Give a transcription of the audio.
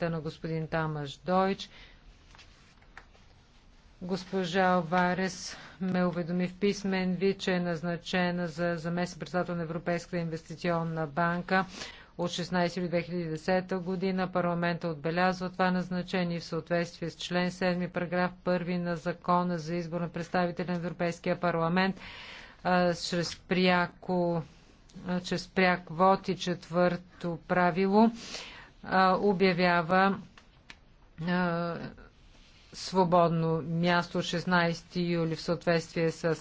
на господин Тамаш Дойч. Госпожа Оварес ме уведоми в писмен ви, че е назначена за заместник председател на Европейската инвестиционна банка от 16 юли 2010 година. Парламента отбелязва това назначение в съответствие с член 7, параграф 1 на Закона за избор на представител на Европейския парламент а, чрез пряко чрез пряк вод и четвърто правило обявява свободно място 16 юли в съответствие с